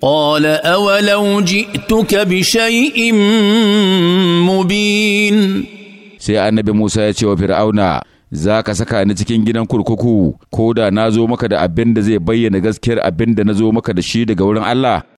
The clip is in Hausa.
قال اولو جئتك بشيء مبين sai annabi Musa ya ce wa Fir'auna za saka ni cikin gidan kurkuku ko da na zo maka da abin da zai bayyana gaskiyar abin da na zo maka da shi daga wurin Allah